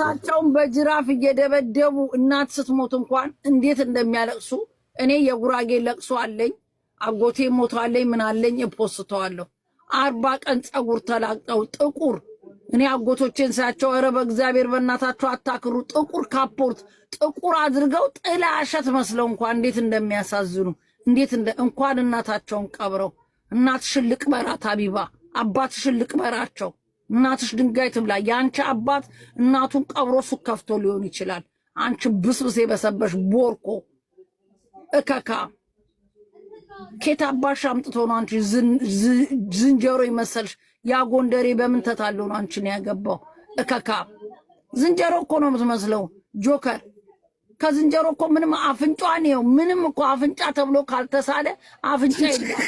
ራሳቸውን በጅራፍ እየደበደቡ እናት ስትሞት እንኳን እንዴት እንደሚያለቅሱ እኔ የጉራጌ ለቅሶ አለኝ። አጎቴ ሞቷለኝ ምን አለኝ እፖስተዋለሁ። አርባ ቀን ፀጉር ተላቅጠው ጥቁር እኔ አጎቶቼን ሳያቸው ኧረ በእግዚአብሔር በእናታቸው አታክሩ፣ ጥቁር ካፖርት ጥቁር አድርገው ጥላሸት መስለው እንኳን እንዴት እንደሚያሳዝኑ እንዴት እንኳን እናታቸውን ቀብረው እናትሽን ልቅበራት አባት ሽልቅ በራቸው እናትሽ ድንጋይ ትብላ። የአንቺ አባት እናቱን ቀብሮ ሱቅ ከፍቶ ሊሆን ይችላል። አንቺ ብስብስ የበሰበሽ ቦርኮ እከካ ኬት አባሽ አምጥቶ ነው አንቺ ዝንጀሮ ይመሰልሽ? ያ ጎንደሬ በምን ተታለው ነው አንቺን ያገባው? እከካ ዝንጀሮ እኮ ነው የምትመስለው። ጆከር ከዝንጀሮ እኮ ምንም አፍንጫ ነው ምንም እኮ አፍንጫ ተብሎ ካልተሳለ አፍንጫ የለም።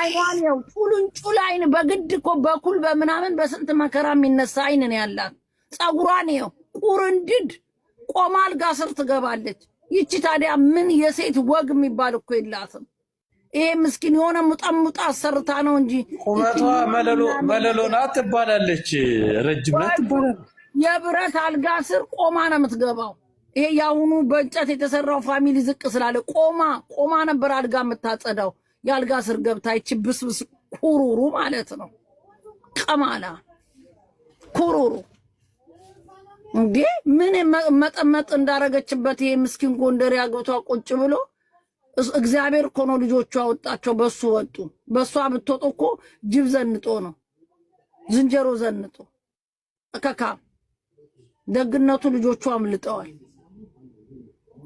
አይኗን ያው ጩልንጩል አይን በግድ እኮ በኩል በምናምን በስንት መከራ የሚነሳ አይን ነው ያላት። ጸጉሯን ያው ቁርንድድ ቆማ አልጋ ስር ትገባለች። ይቺ ታዲያ ምን የሴት ወግ የሚባል እኮ የላትም። ይሄ ምስኪን የሆነ ሙጠሙጣ አሰርታ ነው እንጂ ቁመቷ መለሎ ናት ትባላለች፣ ረጅም ናት ትባላለች። የብረት አልጋ ስር ቆማ ነው የምትገባው። ይሄ የአሁኑ በእንጨት የተሰራው ፋሚሊ ዝቅ ስላለ ቆማ ቆማ ነበር አልጋ የምታጸዳው። የአልጋ ስር ገብታ ይቺ ብስብስ ኩሩሩ ማለት ነው። ቀማላ ኩሩሩ እንዴ ምን መጠመጥ እንዳረገችበት ይሄ ምስኪን ጎንደር አግብቷ ቁጭ ብሎ እግዚአብሔር እኮ ነው ልጆቹ አወጣቸው። በሱ ወጡ። በሷ ብትወጡ እኮ ጅብ ዘንጦ ነው ዝንጀሮ ዘንጦ ከካ ደግነቱ ልጆቹ አምልጠዋል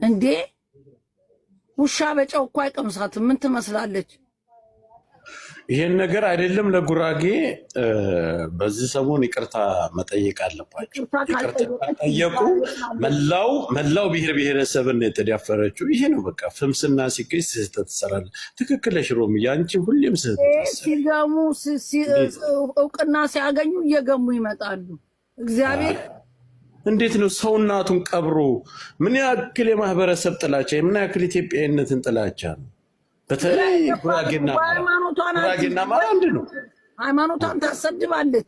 እንዴ ውሻ በጨው እኮ አይቀምሳትም። ምን ትመስላለች? ይሄን ነገር አይደለም ለጉራጌ በዚህ ሰሞን ይቅርታ መጠየቅ አለባቸው። መላው መላው ብሔር ብሔረሰብን የተዳፈረችው ይሄ ነው። በቃ ፍምስና ሲገኝ ስህተት ትሰራለ። ትክክለሽ ሽሮ አንቺ ሁሌም ስህተት ሲገሙ እውቅና ሲያገኙ እየገሙ ይመጣሉ። እግዚአብሔር እንዴት ነው ሰው እናቱን ቀብሮ? ምን ያክል የማህበረሰብ ጥላቻ፣ ምን ያክል ኢትዮጵያዊነትን ጥላቻ ነው። በተለይ ጉራጌና ጉራጌና ማራ አንድ ነው። ሃይማኖቷን ታሰድባለች።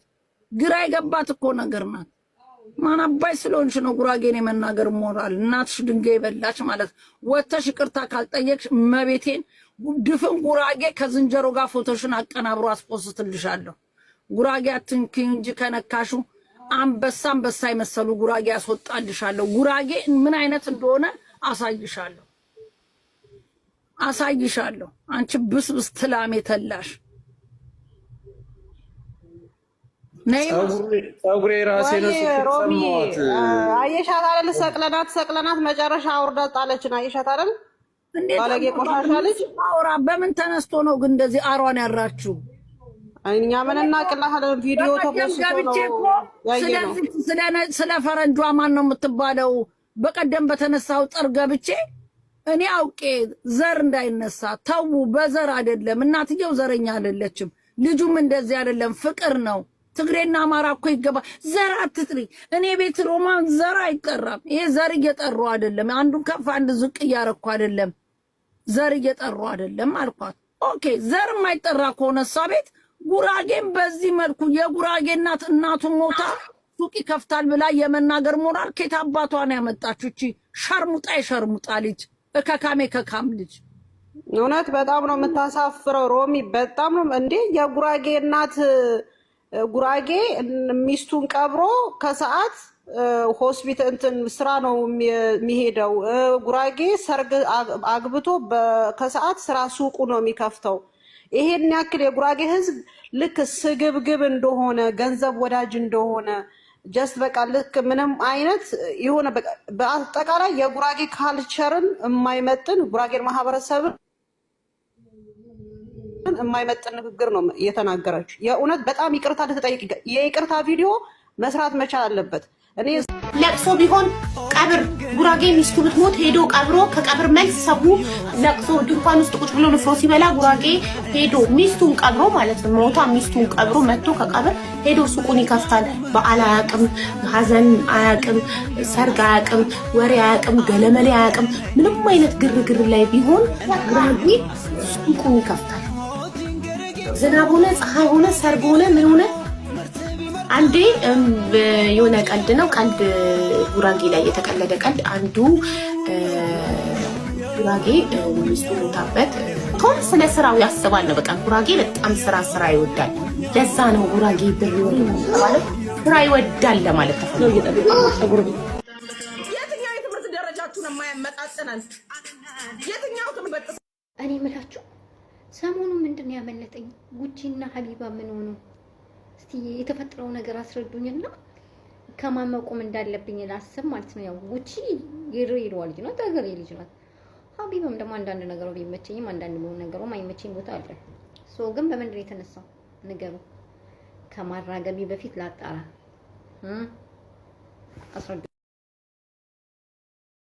ግራ የገባት እኮ ነገር ናት። ማን አባይ ስለሆንሽ ነው ጉራጌን የመናገር ሞራል? እናትሽ ድንጋይ በላች ማለት ወተሽ ይቅርታ ካልጠየቅሽ መቤቴን ድፍን ጉራጌ ከዝንጀሮ ጋር ፎቶሽን አቀናብሮ አስፖስትልሻለሁ። ጉራጌ አትንኪ እንጂ ከነካሹ አንበሳ አንበሳ የመሰሉ ጉራጌ ያስወጣልሻለሁ። ጉራጌ ምን አይነት እንደሆነ አሳይሻለሁ አሳይሻለሁ። አንቺ ብስብስ ትላሜ ተላሽ ጸጉሬ ራሴ ነው ሰማሁት። አየሻት አይደል? ሰቅለናት ሰቅለናት መጨረሻ አውርዳ ጣለችን። አየሻት አይደል? ባለጌ ቆሻሻ ልጅ አውራ። በምን ተነስቶ ነው ግን እንደዚህ አሯን ያራችሁ? እኛ ምን እናቅልሃለን? ቪዲዮ ተገብቼ ስለ ፈረንጇ ማን ነው የምትባለው? በቀደም በተነሳው ጥር ገብቼ እኔ አውቄ ዘር እንዳይነሳ ተዉ። በዘር አይደለም፣ እናትየው ዘረኛ አይደለችም፣ ልጁም እንደዚህ አይደለም፣ ፍቅር ነው። ትግሬና አማራ እኮ ይገባ። ዘር አትጥሪ። እኔ ቤት ሮማን ዘር አይጠራም። ይሄ ዘር እየጠሩ አይደለም፣ አንዱን ከፍ አንድ ዝቅ እያረኩ አይደለም፣ ዘር እየጠሩ አይደለም አልኳት። ኦኬ ዘር የማይጠራ ከሆነ እሷ ቤት ጉራጌን በዚህ መልኩ የጉራጌ እናት እናቱን ሞታ ሱቅ ይከፍታል ብላ የመናገር ሞራል ኬት አባቷን ያመጣችሁ? እቺ ሸርሙጣ የሸርሙጣ ልጅ እከካሜ ከካም ልጅ እውነት በጣም ነው የምታሳፍረው። ሮሚ በጣም ነው እንዴ! የጉራጌ እናት ጉራጌ ሚስቱን ቀብሮ ከሰዓት ሆስፒታል እንትን ስራ ነው የሚሄደው። ጉራጌ ሰርግ አግብቶ ከሰዓት ስራ ሱቁ ነው የሚከፍተው። ይሄን ያክል የጉራጌ ህዝብ ልክ ስግብግብ እንደሆነ ገንዘብ ወዳጅ እንደሆነ ጀስት በቃ ልክ ምንም አይነት የሆነ በአጠቃላይ የጉራጌ ካልቸርን የማይመጥን ጉራጌን ማህበረሰብን የማይመጥን ንግግር ነው እየተናገረች። የእውነት በጣም ይቅርታ ልትጠይቅ የይቅርታ ቪዲዮ መስራት መቻል አለበት። እኔ ለቅሶ ቢሆን ቀብር ጉራጌ ሚስቱ ብትሞት ሄዶ ቀብሮ ከቀብር መልስ ሰቡ ለቅሶ ድንኳን ውስጥ ቁጭ ብሎ ንፍሮ ሲበላ ጉራጌ ሄዶ ሚስቱን ቀብሮ ማለት ነው ሞታ ሚስቱን ቀብሮ መጥቶ ከቀብር ሄዶ ሱቁን ይከፍታል። በዓል አያቅም፣ ሀዘን አያቅም፣ ሰርግ አያቅም፣ ወሬ አያቅም፣ ገለመሌ አያቅም። ምንም አይነት ግርግር ላይ ቢሆን ጉራጌ ሱቁን ይከፍታል። ዝናብ ሆነ ፀሐይ ሆነ ሰርግ ሆነ ምን ሆነ አንዴ የሆነ ቀልድ ነው ቀልድ ጉራጌ ላይ የተቀለደ ቀልድ አንዱ ጉራጌ ሚስቱ ሞታበት ቶም ስለ ስራው ያስባል ነው። በቃ ጉራጌ በጣም ስራ ስራ ይወዳል። ለዛ ነው ጉራጌ ብር ማለት ስራ ይወዳል ለማለት ተፈልጎ። የትኛው የትምህርት ደረጃችሁን የማያመጣጥናል? የትኛው እኔ የምላችሁ ሰሞኑ ምንድን ነው ያመለጠኝ? ጉቺና ሀቢባ ምን ሆነው እስቲ የተፈጠረው ነገር አስረዱኝና ከማን መቆም እንዳለብኝ ላስብ ማለት ነው። ያው ጉቺ የድሮ የድሮ ልጅ ናት፣ ሀገሬ ልጅ ናት። ሀቢብም ደግሞ አንዳንድ ነገሩ ቢመቸኝም አንዳንድ መሆን ነገሩ አይመቸኝ ቦታ አለ። ሶ ግን በምንድን ነው የተነሳው ንገሩ። ከማራገቢ በፊት ላጣራ አስረዱ።